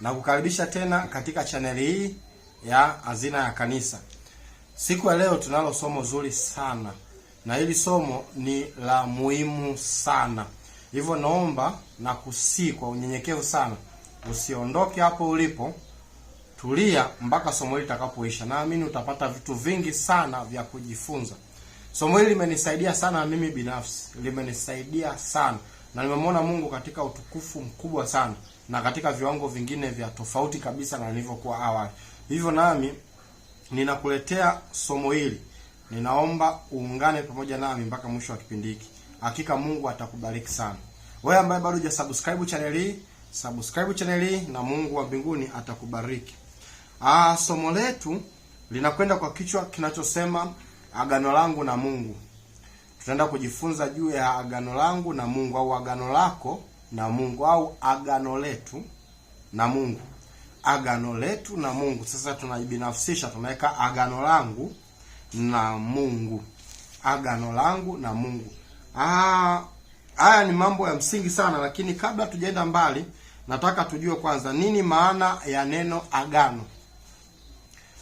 na kukaribisha tena katika chaneli hii ya Hazina ya Kanisa. Siku ya leo tunalo somo zuri sana, na hili somo ni la muhimu sana. Hivyo naomba na kusii kwa unyenyekevu sana, usiondoke hapo ulipo, tulia mpaka somo hili litakapoisha. Naamini utapata vitu vingi sana vya kujifunza. Somo hili limenisaidia sana mimi binafsi, limenisaidia sana na nimemwona Mungu katika utukufu mkubwa sana na katika viwango vingine vya tofauti kabisa na nilivyokuwa awali. Hivyo nami ninakuletea somo hili, ninaomba uungane pamoja nami mpaka mwisho wa kipindi hiki. Hakika Mungu atakubariki sana. Wewe ambaye bado hujasubscribe channel hii, subscribe channel hii na Mungu wa mbinguni atakubariki. Ah, somo letu linakwenda kwa kichwa kinachosema agano langu na Mungu. Tutaenda kujifunza juu ya agano langu na Mungu au agano lako na Mungu au agano letu na Mungu. Agano letu na Mungu. Sasa tunaibinafsisha, tunaweka agano langu na Mungu. Agano langu na Mungu. Ah, haya ni mambo ya msingi sana, lakini kabla tujaenda mbali, nataka tujue kwanza nini maana ya neno agano.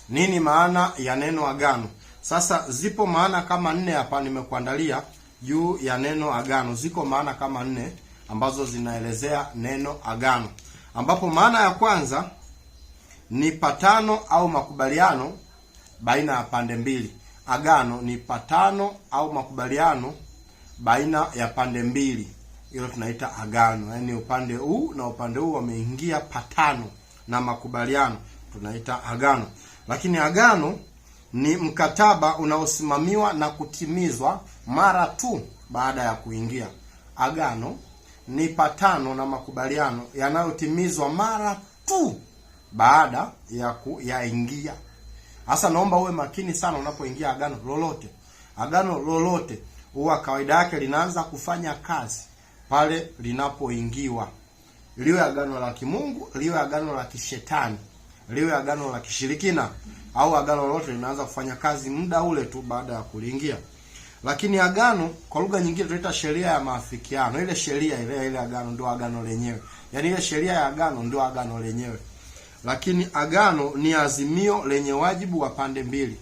Nini maana ya neno agano? Sasa zipo maana kama nne hapa nimekuandalia juu ya neno agano. Ziko maana kama nne ambazo zinaelezea neno agano, ambapo maana ya kwanza ni patano au makubaliano baina ya pande mbili. Agano ni patano au makubaliano baina ya pande mbili, hilo tunaita agano. Yaani upande huu na upande huu wameingia patano na makubaliano, tunaita agano. Lakini agano ni mkataba unaosimamiwa na kutimizwa mara tu baada ya kuingia. Agano ni patano na makubaliano yanayotimizwa mara tu baada ya kuyaingia. Hasa naomba uwe makini sana unapoingia agano lolote. Agano lolote huwa kawaida yake linaanza kufanya kazi pale linapoingiwa, liwe agano la kimungu, liwe agano la kishetani liwe agano la kishirikina au agano lolote linaanza kufanya kazi muda ule tu baada ya kuliingia. Lakini agano kwa lugha nyingine tunaita sheria ya maafikiano. Ile sheria ile ile agano ndio agano lenyewe. Yaani ile sheria ya agano ndio agano lenyewe. Lakini agano ni azimio lenye wajibu wa pande mbili.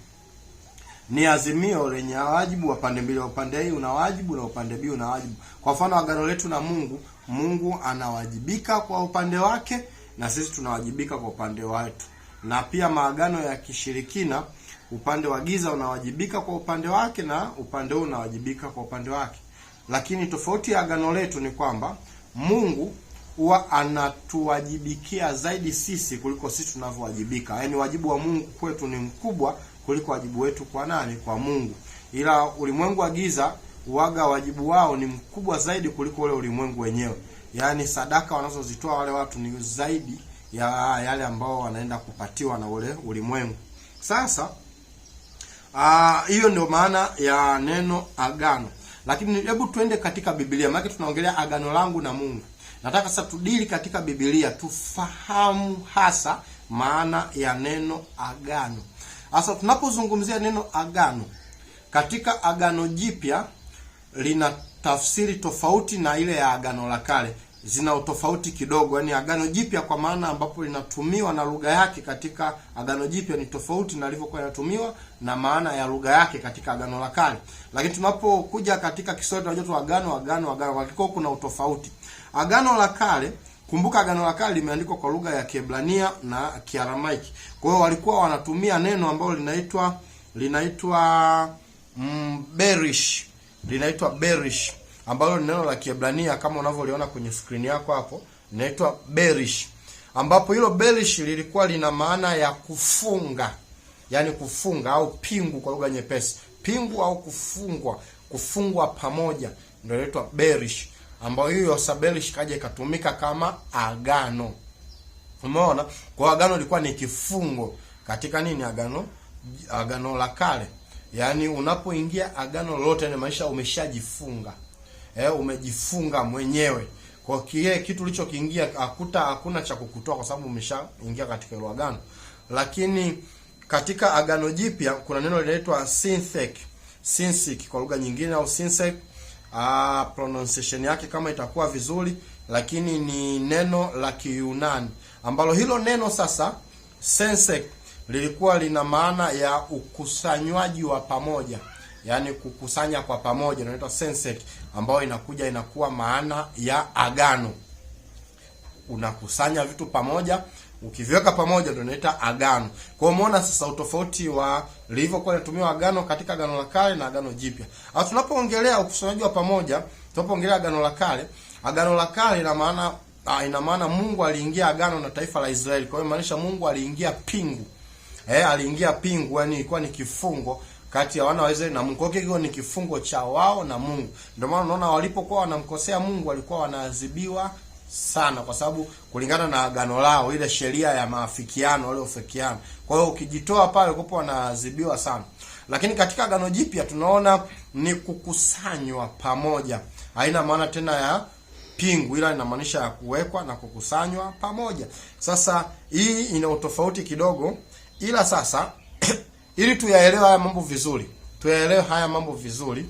Ni azimio lenye wajibu wa pande mbili. Upande hii una wajibu na upande B una wajibu. Kwa mfano agano letu na Mungu, Mungu anawajibika kwa upande wake na sisi tunawajibika kwa upande wetu, na pia maagano ya kishirikina, upande wa giza unawajibika kwa upande wake na upande huu unawajibika kwa upande wake. Lakini tofauti ya agano letu ni kwamba Mungu huwa anatuwajibikia zaidi sisi kuliko sisi tunavyowajibika. Yaani, wajibu wa Mungu kwetu ni mkubwa kuliko wajibu wetu kwa nani? Kwa Mungu. Ila ulimwengu wa giza waga wajibu wao ni mkubwa zaidi kuliko ule ulimwengu wenyewe yaani sadaka wanazozitoa wale watu ni zaidi ya yale ambao wanaenda kupatiwa na ule ulimwengu. Sasa ah, hiyo ndio maana ya neno agano, lakini hebu tuende katika Biblia, maana tunaongelea agano langu na Mungu. Nataka sasa tudili katika Biblia, tufahamu hasa maana ya neno agano. Sasa tunapozungumzia neno agano katika Agano Jipya lina tafsiri tofauti na ile ya Agano la Kale, zina utofauti kidogo. Yaani Agano Jipya kwa maana ambapo linatumiwa na lugha yake katika Agano Jipya ni tofauti na ilivyokuwa inatumiwa na maana ya lugha yake katika Agano la Kale. Lakini tunapokuja katika Kiswahili tunajua tu agano, agano, agano, kwa kuna utofauti. Agano la Kale Kumbuka Agano la Kale limeandikwa kwa lugha ya Kiebrania na Kiaramaiki. Kwa hiyo walikuwa wanatumia neno ambalo linaitwa linaitwa mm, Berish linaitwa berish ambalo ni neno la Kiebrania kama unavyoliona kwenye skrini yako hapo, linaitwa berish, ambapo hilo berish lilikuwa lina maana ya kufunga, yani kufunga au pingu kwa lugha nyepesi, pingu au kufungwa, kufungwa pamoja, ndio inaitwa berish, ambayo hiyo saberish kaja ikatumika kama agano. Umeona, kwa agano ilikuwa ni kifungo katika nini, agano agano la kale. Yaani unapoingia agano lolote na maisha umeshajifunga. Eh, umejifunga mwenyewe. Kwa kile kitu ulichokiingia hakuta hakuna cha kukutoa kwa sababu umeshaingia katika ile agano. Lakini katika agano jipya kuna neno linaloitwa synthetic. Synthetic kwa lugha nyingine au synthetic Ah, pronunciation yake kama itakuwa vizuri, lakini ni neno la Kiyunani ambalo hilo neno sasa synthetic lilikuwa lina maana ya ukusanywaji wa pamoja, yani kukusanya kwa pamoja, inaitwa senset, ambayo inakuja inakuwa maana ya agano. Unakusanya vitu pamoja, ukiviweka pamoja ndio inaita agano. Kwa hiyo umeona sasa utofauti wa lilivyokuwa linatumiwa agano katika agano la kale na agano jipya. Au tunapoongelea ukusanyaji wa pamoja, tunapoongelea agano la kale, agano la kale ina maana ah, ina maana Mungu aliingia agano na taifa la Israeli. Kwa hiyo maanisha Mungu aliingia pingu eh, aliingia pingu, yani ilikuwa ni kifungo kati ya wana wa Israeli na Mungu. Kwa hiyo ni kifungo cha wao na Mungu. Ndio maana unaona walipokuwa wanamkosea Mungu walikuwa wanaadhibiwa sana kwa sababu kulingana na agano lao, ile sheria ya maafikiano waliofikiana. Kwa hiyo ukijitoa pale kupo wanaadhibiwa sana, lakini katika agano jipya tunaona ni kukusanywa pamoja. Haina maana tena ya pingu, ila inamaanisha ya kuwekwa na kukusanywa pamoja. Sasa hii ina utofauti kidogo Ila sasa ili tuyaelewe haya mambo vizuri, tuyaelewe haya mambo vizuri,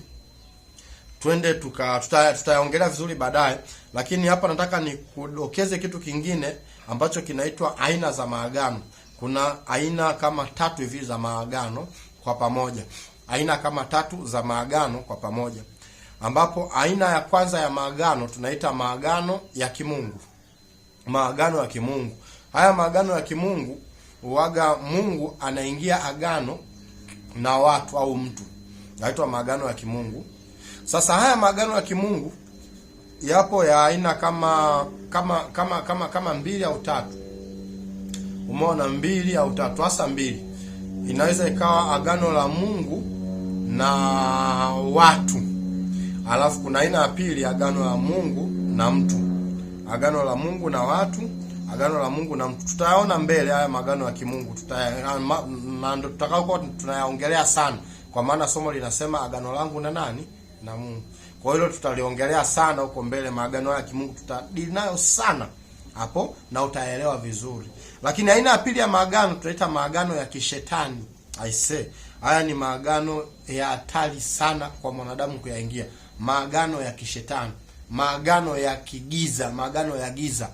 twende tuka tutayaongelea vizuri baadaye, lakini hapa nataka nikudokeze kitu kingine ambacho kinaitwa aina za maagano. Kuna aina kama tatu hivi za maagano kwa pamoja, aina kama tatu za maagano kwa pamoja, ambapo aina ya kwanza ya maagano tunaita maagano ya kimungu. Maagano ya kimungu, haya maagano ya kimungu waga Mungu anaingia agano na watu au mtu, naitwa maagano ya kimungu. Sasa haya maagano ya kimungu yapo ya aina kama kama kama kama kama mbili au tatu, umeona, mbili au tatu, hasa mbili. Inaweza ikawa agano la Mungu na watu, alafu kuna aina ya pili, agano la Mungu na mtu, agano la Mungu na watu agano la Mungu na tutayaona mbele haya magano ya kimungu tutaya, na tutakao tutakaokuwa tunayaongelea sana, kwa maana somo linasema agano langu na nani na Mungu. Kwa hilo tutaliongelea sana huko mbele, maagano ya kimungu tutadili nayo sana hapo na utaelewa vizuri. Lakini aina ya pili ya maagano tunaita maagano ya kishetani. I say haya ni maagano ya hatari sana kwa mwanadamu kuyaingia, maagano ya kishetani, maagano ya kigiza, maagano ya giza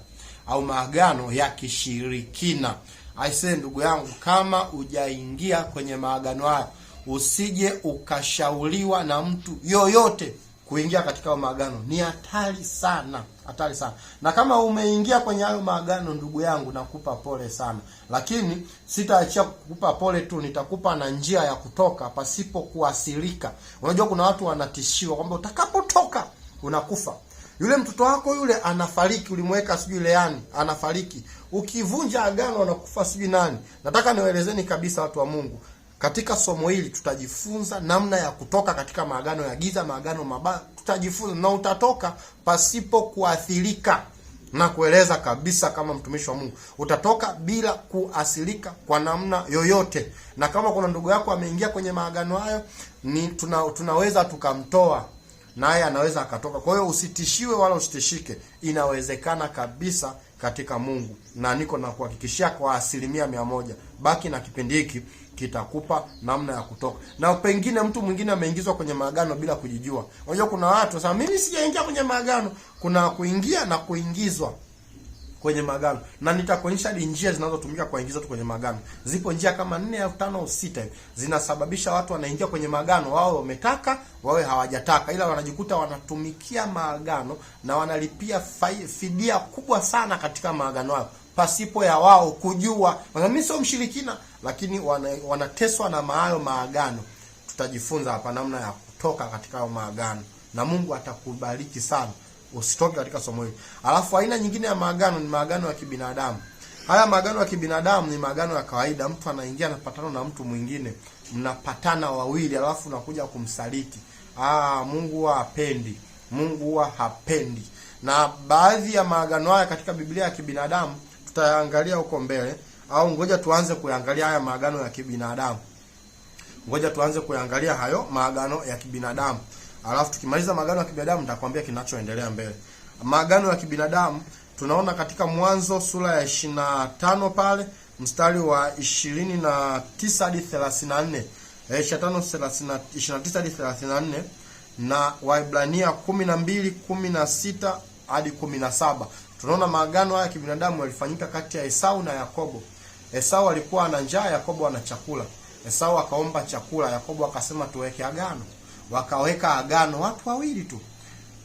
au maagano ya kishirikina. Aisee, ndugu yangu, kama hujaingia kwenye maagano haya, usije ukashauriwa na mtu yoyote kuingia katika hayo maagano. Ni hatari sana, hatari sana. Na kama umeingia kwenye hayo maagano, ndugu yangu, nakupa pole sana, lakini sitaachia kukupa pole tu, nitakupa na njia ya kutoka pasipo kuasirika. Unajua kuna watu wanatishiwa kwamba utakapotoka unakufa. Yule mtoto wako yule anafariki, ulimweka sijui leani, anafariki. Ukivunja agano anakufa sijui nani. Nataka niwaelezeni kabisa watu wa Mungu. Katika somo hili tutajifunza namna ya kutoka katika maagano ya giza, maagano mabaya. Tutajifunza na utatoka pasipo kuathirika na kueleza kabisa kama mtumishi wa Mungu utatoka bila kuasilika kwa namna yoyote, na kama kuna ndugu yako ameingia kwenye maagano hayo, ni tuna, tunaweza tukamtoa naye anaweza akatoka. Kwa hiyo usitishiwe wala usitishike, inawezekana kabisa katika Mungu, na niko na kuhakikishia kwa asilimia mia moja. Baki na kipindi hiki kitakupa namna ya kutoka. Na pengine mtu mwingine ameingizwa kwenye maagano bila kujijua. Unajua kuna watu sasa, mimi sijaingia kwenye maagano, kuna kuingia na kuingizwa kwenye magano, na nitakuonyesha hadi njia zinazotumika kuwaingiza watu kwenye magano. Zipo njia kama nne au tano au sita zinasababisha watu wanaingia kwenye magano, wao wametaka wawe hawajataka, ila wanajikuta wanatumikia maagano na wanalipia fidia kubwa sana katika maagano hayo pasipo ya wao kujua. Mimi sio mshirikina, lakini wanateswa na maayo maagano. Tutajifunza hapa namna ya kutoka katika hayo maagano na Mungu atakubariki sana. Usitoke katika somo hili. Alafu aina nyingine ya maagano ni maagano ya kibinadamu. Haya maagano ya kibinadamu ni maagano ya kawaida, mtu anaingia anapatana na mtu mwingine, mnapatana wawili, alafu unakuja kumsaliti. Ah, Mungu huwa hapendi, Mungu huwa hapendi. Na baadhi ya maagano haya katika Biblia ya kibinadamu tutayaangalia huko mbele, au ngoja tuanze kuyaangalia haya maagano ya kibinadamu. Ngoja tuanze kuyaangalia hayo maagano ya kibinadamu alafu tukimaliza maagano ya kibinadamu nitakwambia kinachoendelea mbele. Maagano ya kibinadamu tunaona katika Mwanzo sura ya 25 pale mstari wa 29 hadi 34, 25 29 hadi 34 na Waibrania 12 16 hadi 17. Tunaona maagano haya ya kibinadamu yalifanyika kati ya Esau na Yakobo. Esau alikuwa ana njaa, Yakobo ana chakula. Esau akaomba chakula, Yakobo akasema tuweke agano wakaweka agano watu wawili tu,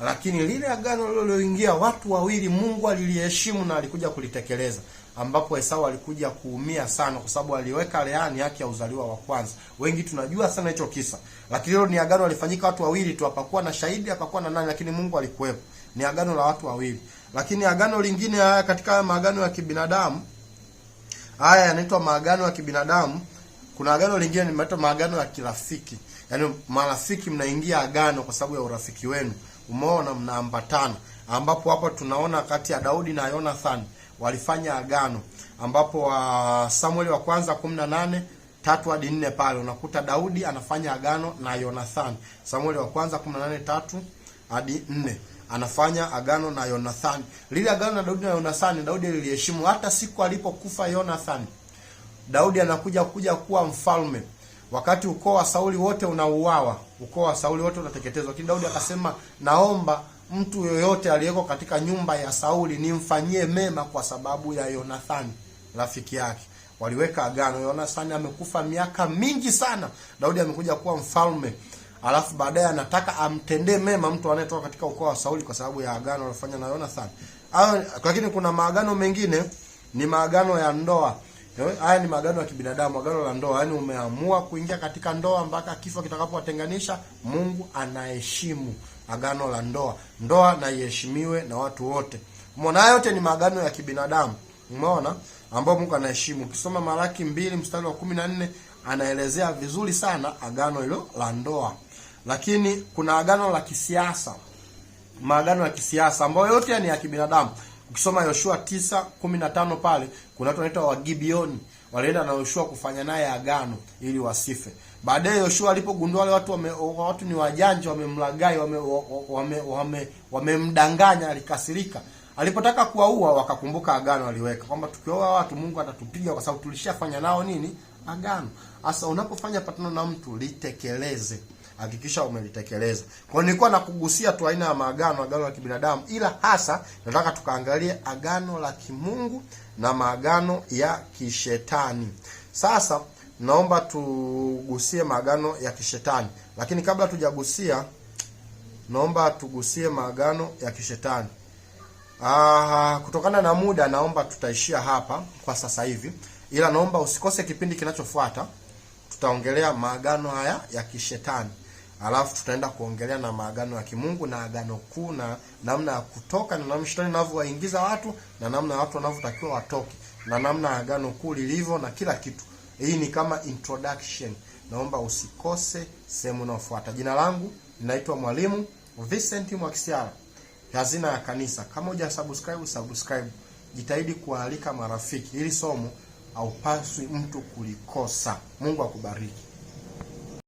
lakini lile agano lililoingia watu wawili Mungu aliliheshimu na alikuja kulitekeleza, ambapo Esau alikuja kuumia sana, kwa sababu aliweka Leani yake ya uzaliwa wa kwanza. Wengi tunajua sana hicho kisa, lakini hilo ni agano alifanyika watu wawili tu, hapakuwa na shahidi, hapakuwa na nani, lakini Mungu alikuwepo. Ni agano la watu wawili. Lakini agano lingine, haya katika haya maagano ya kibinadamu, haya yanaitwa maagano ya kibinadamu. Kuna agano lingine linaitwa maagano ya kirafiki yaani marafiki mnaingia agano kwa sababu ya urafiki wenu. Umeona, mnaambatana, ambapo hapa tunaona kati ya Daudi na Yonathani walifanya agano, ambapo wa ah, Samueli wa kwanza 18 tatu hadi nne pale unakuta Daudi anafanya agano na Yonathani. Samueli wa kwanza 18 tatu hadi nne anafanya agano na Yonathani. Lile agano na Daudi na Yonathani, Daudi aliliheshimu hata siku alipokufa Yonathani. Daudi anakuja kuja kuwa mfalme. Wakati ukoo wa Sauli wote unauawa, ukoo wa Sauli wote unateketezwa, lakini Daudi akasema, naomba mtu yoyote aliyeko katika nyumba ya Sauli nimfanyie mema kwa sababu ya Yonathani rafiki yake. Waliweka agano. Yonathani amekufa miaka mingi sana, Daudi amekuja kuwa mfalme, alafu baadaye anataka amtendee mema mtu anayetoka katika ukoo wa Sauli kwa sababu ya agano alilofanya na Yonathani. Lakini kuna maagano mengine, ni maagano ya ndoa Yaani, haya ni magano ya kibinadamu, agano la ndoa. Yaani umeamua kuingia katika ndoa mpaka kifo kitakapowatenganisha. Mungu anaheshimu agano la ndoa. Ndoa na iheshimiwe na watu wote. Umeona, haya yote ni magano ya kibinadamu, umeona, ambao Mungu anaheshimu. Ukisoma Malaki mbili mstari wa kumi na nne anaelezea vizuri sana agano hilo la ndoa, lakini kuna agano la kisiasa, maagano ya kisiasa ambayo yote ni ya kibinadamu. Ukisoma Yoshua tisa kumi na tano pale kuna watu wanaitwa Wagibioni walienda na Yoshua kufanya naye agano ili wasife. Baadaye Yoshua alipogundua wale watu wame, watu ni wajanja, wamemlagai wamemdanganya, wame, wame alikasirika. Alipotaka kuwaua wakakumbuka agano aliweka kwamba tukiwaua watu Mungu atatupiga kwa sababu tulishafanya nao nini agano. hasa unapofanya patano na mtu litekeleze hakikisha umelitekeleza. Kwa hiyo nilikuwa nakugusia tu aina ya maagano, agano la kibinadamu, ila hasa nataka tukaangalie agano la kimungu na maagano ya kishetani. Sasa naomba tugusie maagano ya kishetani, lakini kabla tujagusia, naomba tugusie maagano ya kishetani. Ah, kutokana na muda naomba tutaishia hapa kwa sasa hivi, ila naomba usikose kipindi kinachofuata. Tutaongelea maagano haya ya kishetani alafu tutaenda kuongelea na maagano ya kimungu na agano kuu na namna ya kutoka na namna shetani anavyowaingiza watu na namna watu wanavyotakiwa watoke na namna agano kuu lilivyo na kila kitu. Hii ni kama introduction. Naomba usikose sehemu inayofuata. Jina langu ninaitwa Mwalimu Vincent mwakisiara hazina ya kanisa. Kama uja subscribe, subscribe. Jitahidi kualika marafiki, ili somo haupaswi mtu kulikosa. Mungu akubariki.